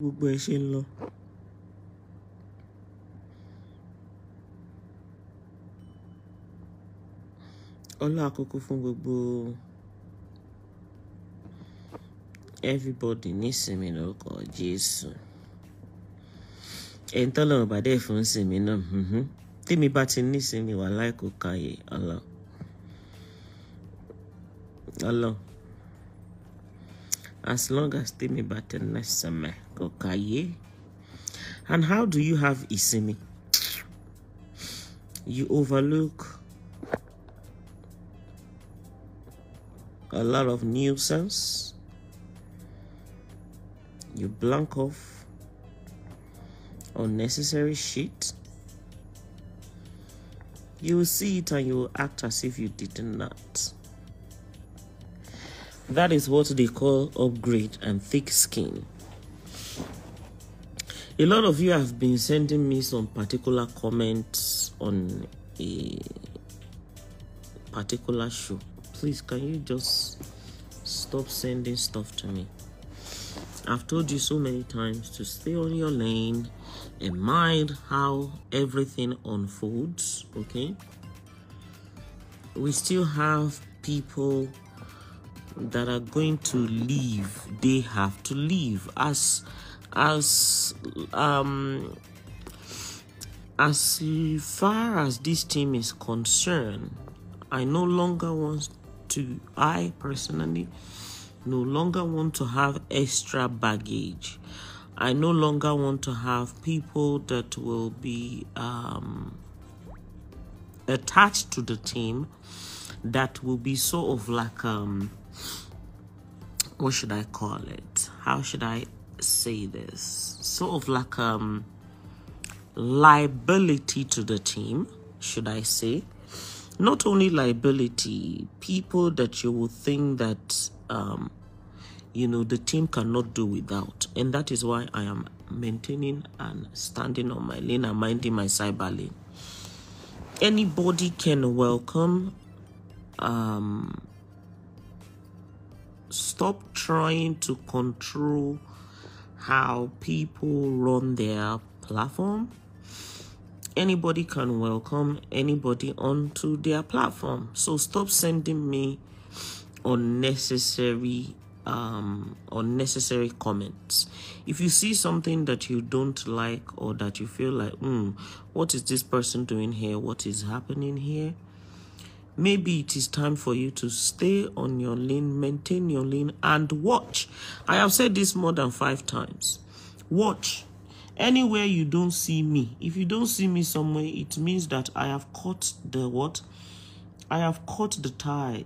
gbogbo ẹ ṣe ń lọ. Ọlọ́run á kúkú fún gbogbo everybody ní ìsinmi lórúkọ Jésù. Ẹni tí Ọlọ́run bá dé fún ìsinmi náà, mhm. Tèmi bá ti ní ìsinmi wà láì kó káyè Ọlọ́run. as long as tèmi bá ti ní Kokaye. And how do you have Isimi? You overlook a lot of nuisance. You blank off unnecessary shit. You will see it and you will act as if you did not. That is what they call upgrade and thick skin a lot of you have been sending me some particular comments on a particular show please can you just stop sending stuff to me i've told you so many times to stay on your lane and mind how everything unfolds okay we still have people that are going to leave they have to leave as as um as far as this team is concerned i no longer want to i personally no longer want to have extra baggage i no longer want to have people that will be um attached to the team that will be sort of like um what should i call it how should i say this? Sort of like um liability to the team, should I say? Not only liability, people that you will think that um, you know the team cannot do without, and that is why I am maintaining and standing on my lane and minding my cyber lane. Anybody can welcome. Um, stop trying to control how people run their platform. Anybody can welcome anybody onto their platform. So stop sending me unnecessary um unnecessary comments if you see something that you don't like or that you feel like hmm what is this person doing here what is happening here Maybe it is time for you to stay on your lane, maintain your lane, and watch. I have said this more than five times. Watch. Anywhere you don't see me, if you don't see me somewhere, it means that I have caught the what? I have caught the tie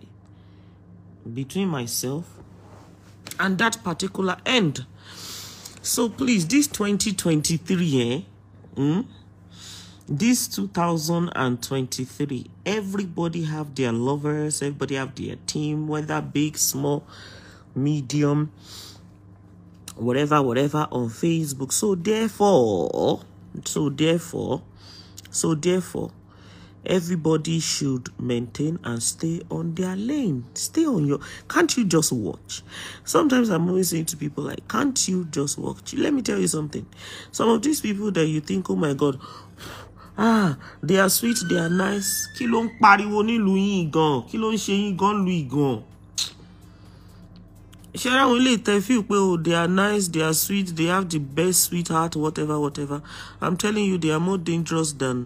between myself and that particular end. So please, this 2023, eh? Mm? this 2023 everybody have their lovers everybody have their team whether big small medium whatever whatever on facebook so therefore so therefore so therefore everybody should maintain and stay on their lane stay on your can't you just watch sometimes i'm always saying to people like can't you just watch let me tell you something some of these people that you think oh my god ah they are sweet they are nice kí ló ń pariwo nílùú yín gan kí ló ń ṣe yín gan lu ìgàn ṣé àwọn ilé ìtẹ́ fíl pé o oh, they are nice they are sweet they have the best sweetheart whatever whatever i'm telling you they are more dangerous than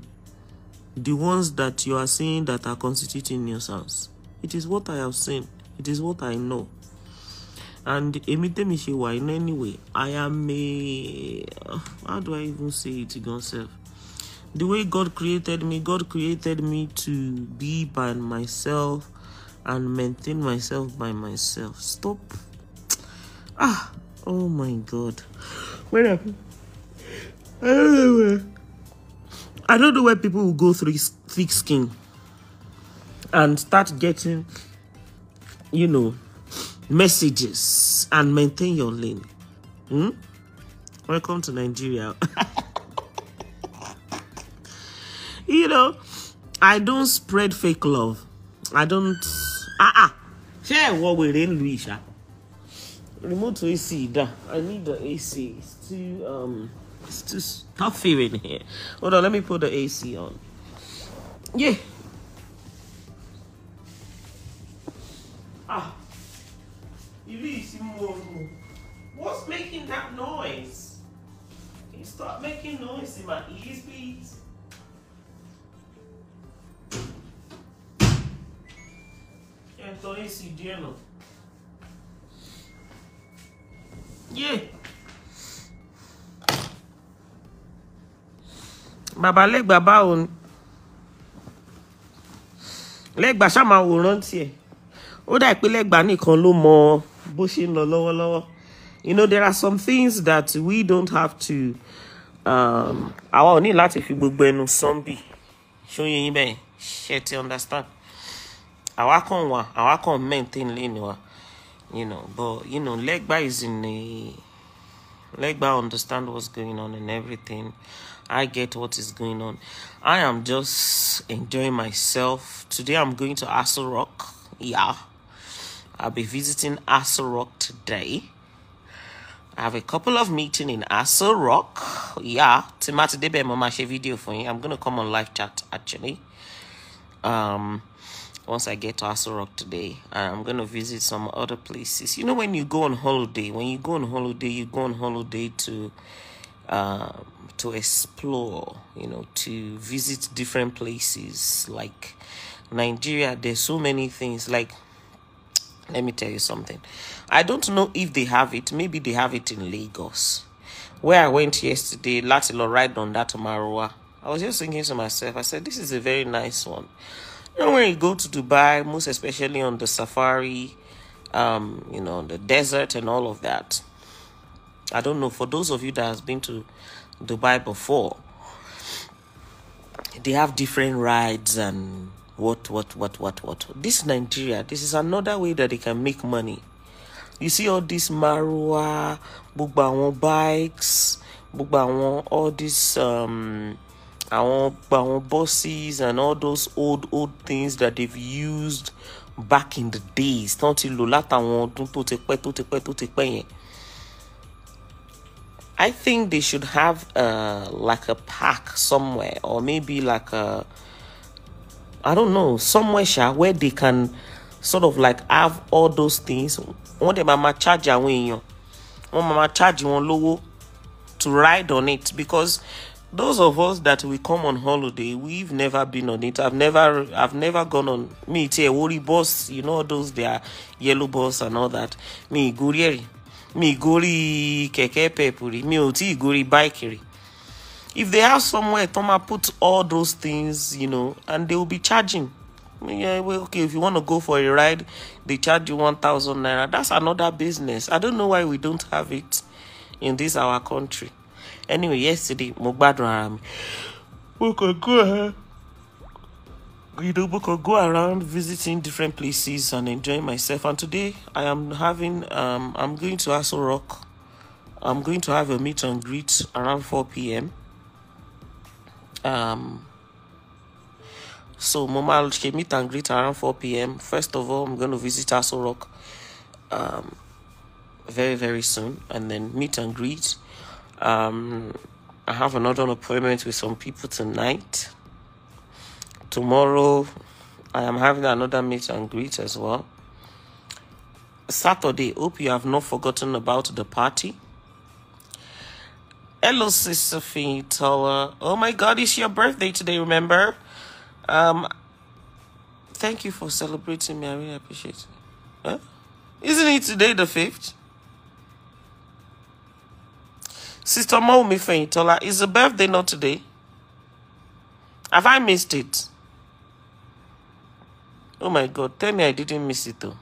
the ones that you are seeing that are constituting nuisance it is what i have seen it is what i know and èmi tèmi ṣe wà in any way i am a how do i even say it gan sef. the way God created me, God created me to be by myself and maintain myself by myself. Stop. Ah, oh my God. Wait up. I don't know where. I don't know where people will go through thick skin and start getting, you know, messages and maintain your lane. Hmm? Welcome to Nigeria. know, I don't spread fake love. I don't. Ah ah. Share what we in Luisha. Remote AC. Da. I need the AC. It's too um. It's too stuffy in here. Hold on. Let me put the AC on. Yeah. Ah. What's making that noise? Can you stop making noise in my ears, please? Então esse gelo. Yeah. Bàbá lẹ́gbà báwo ni? Lẹ́gbà ṣáà máa wòran tiẹ̀. Ó dà pé lẹ́gbà nìkan ló mọ bó ṣe ń lọ lọ́wọ́lọ́wọ́. You know there are some things that we don't have to Um, ò ní láti fi gbogbo ẹnu sọ́ńbì ṣóyè yín bẹ́ẹ̀ ṣe ti understand. on con one, our on maintain linear, you know. But you know, Legba is in the Legba understand what's going on and everything. I get what is going on. I am just enjoying myself. Today I'm going to Aso Rock. Yeah. I'll be visiting Aso Rock today. I have a couple of meeting in Aso Rock. Yeah, Tomorrow, Debe video for I'm gonna come on live chat actually. Um once I get to Aso Rock today, uh, I'm going to visit some other places. You know, when you go on holiday, when you go on holiday, you go on holiday to um, to explore, you know, to visit different places. Like Nigeria, there's so many things. Like, let me tell you something. I don't know if they have it. Maybe they have it in Lagos. Where I went yesterday, Latilo ride on that Marua. I was just thinking to myself, I said, this is a very nice one when you go to Dubai, most especially on the safari, um, you know, the desert and all of that. I don't know, for those of you that has been to Dubai before, they have different rides and what, what, what, what, what. This Nigeria, this is another way that they can make money. You see all these Marua, Bugbawan bikes, Bugbawan, all these um, àwọn àwọn buses and all those old old things that they've used back in the days I think they should have uh, like a park somewhere or maybe like a I don't know somewhere sha, where they can sort of like have all those things wọ́n dẹ̀ máa ma charge àwọn èèyàn wọ́n máa ma charge to ride on it because those of us that we come on holiday we've never been on it i've never i've never gone on me a worry bus you know those their yellow bus and all that Me ìgórí me mi ìgórí kẹ̀kẹ́ pẹ̀pùrì mi ò tí if they have somewhere tó máa put all those things you know and they will be charging yeah, well, okay if you want to go for a ride they charge you one thousand naira that's another business i don't know why we don't have it in this our country anyway yesterday mo gbádùn ara mi mo kàn go you know go around visiting different places and enjoying myself and today i am having um, i'm going to Aso Rock i'm going to have a meet and greet around 4 p.m. Um, so mama I'll meet and greet around 4 p.m. first of all i'm going to visit Aso Rock um, very very soon and then meet and greet um, I have another appointment with some people tonight. Tomorrow, I am having another meet and greet as well. Saturday, hope you have not forgotten about the party. Hello, Sister Fintola. Oh my God, it's your birthday today, remember? Um, thank you for celebrating me. I really appreciate it. Huh? Isn't it today the 5th? Sister Mawumi Feintola, is the birthday not today? Have I missed it? Oh my God, tell me I didn't miss it though.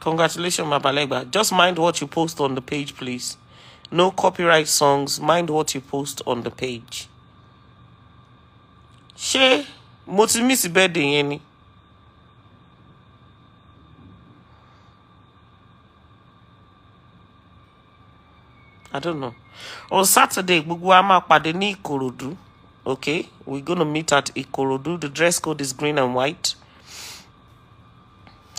Congratulations, Mabalegba. Just mind what you post on the page, please. No copyright songs. Mind what you post on the page. Ṣé mo miss birthday yẹn I don't know. On Saturday, gbogbo wa máa pàdé ní Ìkòròdú. Okay, we're gonna meet at Ikorodu. The dress code is green and white.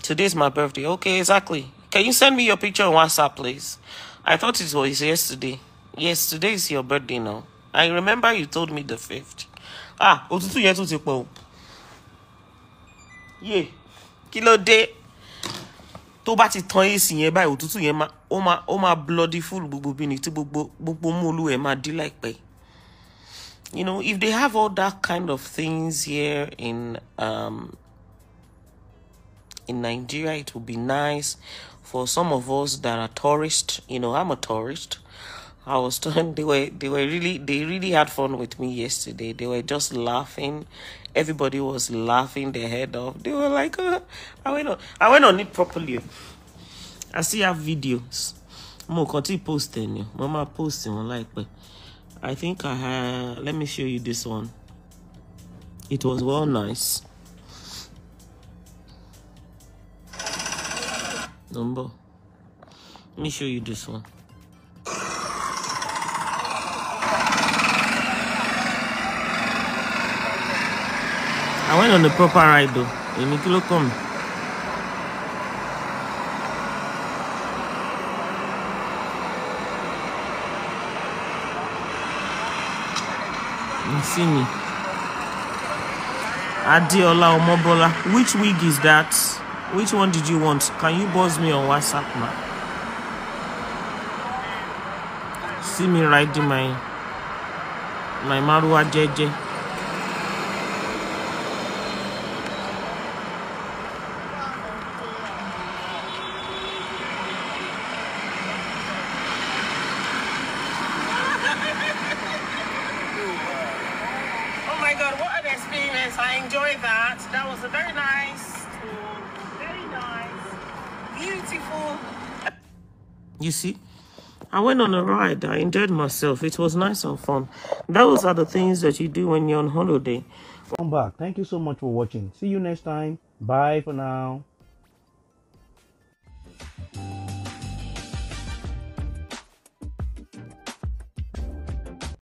Today's my birthday. Okay, exactly. Can you send me your picture on WhatsApp, please? I thought it was yesterday. Yes, today is your birthday now. I remember you told me the fifth. Ah, òtútù yẹn tún Yeah. Kí ló tó bá ti tan ac yẹn báyìí òtútù yẹn ó máa ó máa bloody full gbogbo bí ni tí gbogbo gbogbo múlù ẹ̀ máa dí láìpẹ́ you know if they have all that kind of things here in um, in Nigeria it would be nice for some of us that are tourists you know I'm a tourist I was done. They were they were really they really had fun with me yesterday. They were just laughing. Everybody was laughing their head off. They were like, uh, I went on I went on it properly. I see have videos. Mo continue posting you. Mama posting, ma like but. I think I had let me show you this one. It was well nice. Number. Let me show you this one. Mind on the proper ride though. In kí kilo kàn You see me. Adiola Adeola Omobola, which wig is that? Which one did you want? Can you buzz me on WhatsApp now? See me riding my my Marua JJ. beautiful. You see, I went on a ride. I enjoyed myself. It was nice and fun. Those are the things that you do when you're on holiday. Come back. Thank you so much for watching. See you next time. Bye for now.